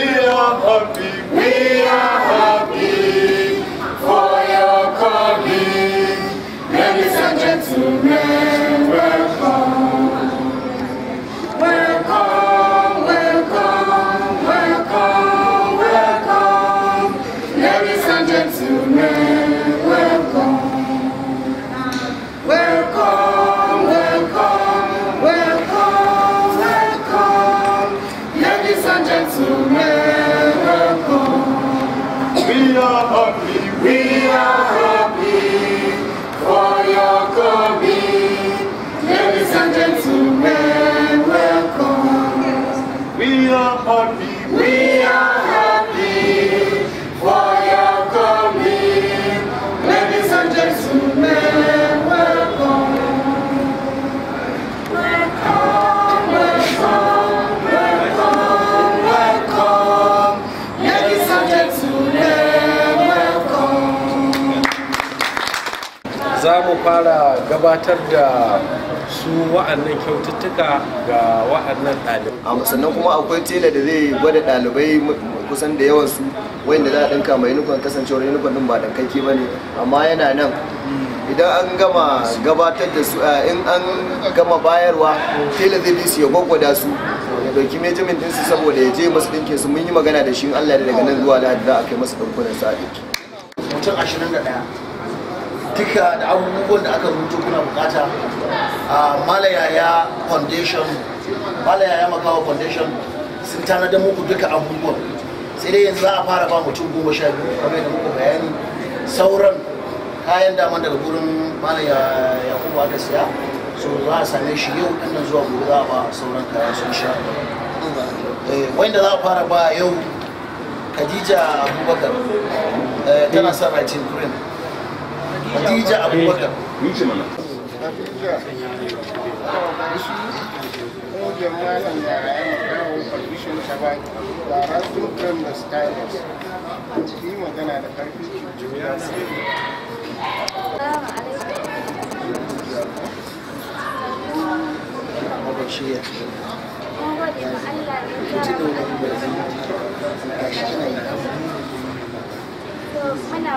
We are happy. We are. fara gabatar da su wa'annan kyaututtuka ga wa'annan ɗalibai. sannan kuma akwai tela da zai gwada ɗalibai kusan da yawan su wanda za a ɗinka mai nufin kasancewar nufin ɗin ba ɗankakke ba ne amma yana nan idan an gama gabatar da su in an gama bayarwa tela zai bi su ya gwagwada su ya dauki mejimin ɗinsu saboda ya je masu ɗinke su mun yi magana da shi in Allah da daga nan zuwa da za a kai masu ɗinkunan su a ɗinki. Mutum ashirin da ɗaya. duka da abubuwan da aka rubuta kuna bukata a ah, malayaya foundation malayaya makawa foundation sun tanada muku duka abubuwan sai dai yanzu za a fara ba mutum goma sha biyu kamar da muku bayani sauran kayan daman daga gurin malaya yakubu aka siya so za a same shi yau dinnan zuwa gobe za a ba sauran kayan sun sha eh, wanda za a fara ba yau khadija abubakar eh, tana sa ratin kurin Khadija Abubakar. Thank eh, you.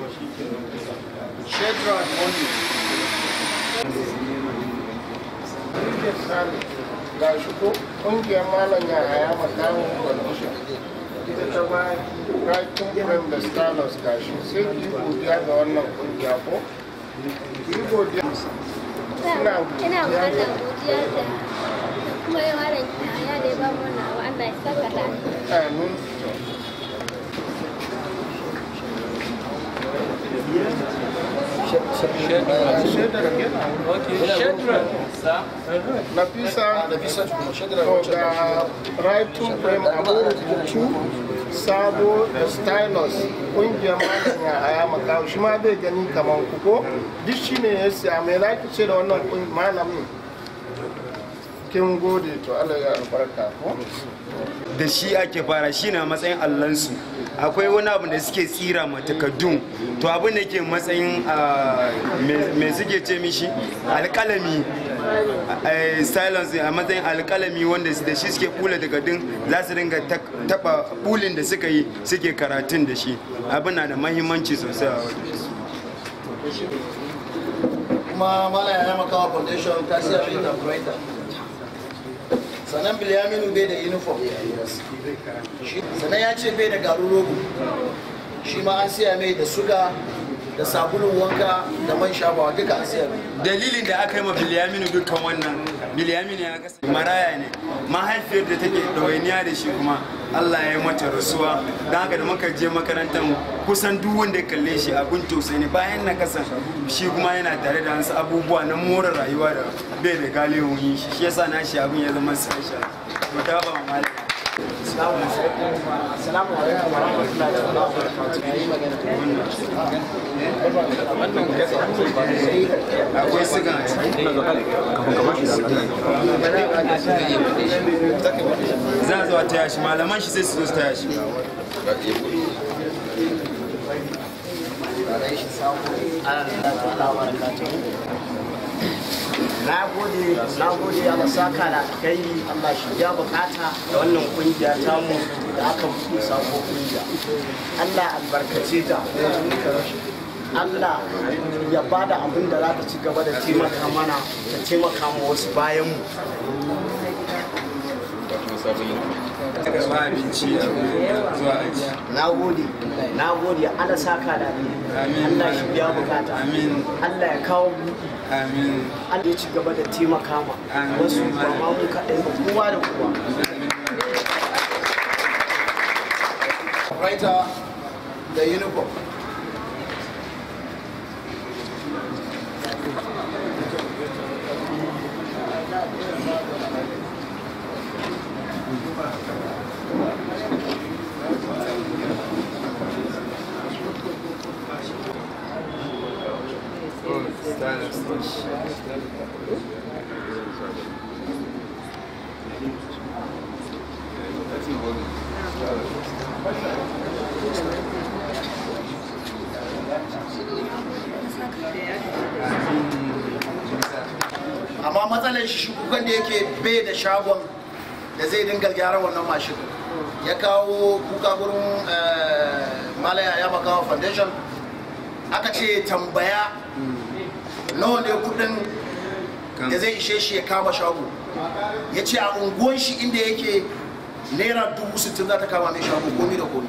Shedra Moni. Ga shi ko ƙungiyar malam yara ya makamu condition. Ita ta ba rakin prem da stalos ga shi sai ki godiya ga wannan ƙungiya ko? Ki godiya. Ina godiya da kuma yawa da ya da ya ba wannan Allah ya saka Nafisa ga Raitun Prem Abu Sabo da Stylus ƙungiyar Malam Yahaya Makawu shi ma bai gani kamar ku ko duk shi ne ya siya mai laki ce da wannan malamin kin gode to Allah ya albarka ko da shi ake fara shi na matsayin allansu akwai wani abu da suke tsira ma takaddun to abin da ke matsayin ah, me suke ce mishi alkalami eh, silence a matsayin alkalami wanda da shi suke bula takaddun za su dinga taba bulin da suka yi suke karatun da shi abin na da mahimmanci sosai a wajen kuma mala ya makawa foundation ta siya da sannan bilyaminu bai da uniform sannan ya ce bai da garin rogo shi ma an siya mai da suga da sabulun wanka da man shafawa duka an siya dalilin da aka yi ma bilyaminu dukkan wannan bilyaminu ya gasa maraya ne mahaifiyar da take ɗawainiya da shi kuma Allah ya mata rasuwa da haka da muka je makarantar kusan duk wanda ya kalle shi abun tausayi ne bayan na kasa shi kuma yana tare da wasu abubuwa na more rayuwa da bai da galihun shi shi yasa na shi abun ya zama sashi mutaba malaka Assalamu alaikum warahmatullahi wabarakatuh. Za a taya shi malaman shi sai su zo taya shi. na gode na Allah da kai Allah shi ya bukata da wannan kungiya ta mu da aka buɗe sako kungiya Allah Allah ya bada abin da za ta ci gaba da taimaka mana da taimaka ma wasu bayan mu na gode na gode Allah saka da Allah shi biya bukata Allah ya kawo amin Allah ya ci gaba da taimaka ma wasu ba ma mu kaɗai ba kowa da kowa writer the uniform wannan shugaban da yake bai da shagon da zai dinga gyara wannan mashin ya kawo kuka gurin eh, malaya ya makawa foundation aka ce tambaya nawa ne kudin da zai ishe shi ya kama shago ya ce a unguwan shi inda yake naira dubu sittin za ta kama mai shago komi da komi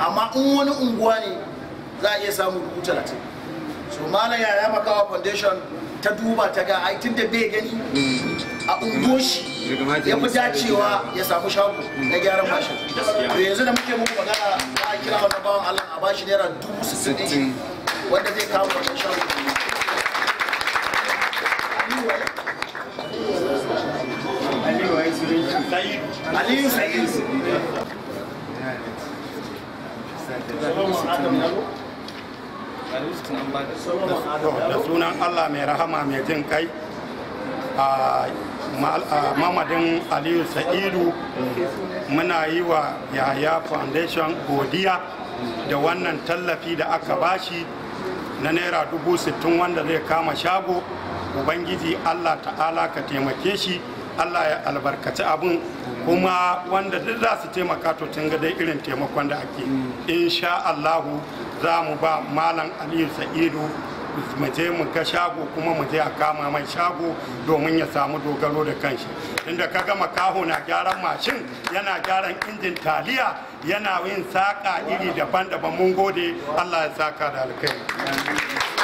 amma in wani unguwa ne za a iya samun dubu talatin so malaya ya makawa foundation ta duba ta ga ai tunda bai gani a shi ya fi dacewa ya samu shago na gyaran mashin to yanzu da muke muku magana za a kira wannan bawan Allah a bashi naira dubu sittin wanda zai kawo wannan shago Aliyu Sa'id. Aliyu Sa'id. da sunan allah mai rahama mai jin kai a mamadin aliyu sa'idu muna yi wa Yaya foundation godiya da wannan tallafi da aka bashi na naira dubu sittin wanda zai kama shago ubangiji allah ta'ala ka taimake shi allah ya albarkaci abin kuma wanda duk za su taimaka to tun ga dai irin taimakon da ake insha allahu za mu ba malam aliyu sa'idu mu je mu ga shago kuma mu je a kama mai shago domin ya samu dogaro da kanshi inda ka gama kaho na gyaran mashin yana gyaran injin taliya yana yin saƙa iri daban-daban mun gode allah ya saka da alkai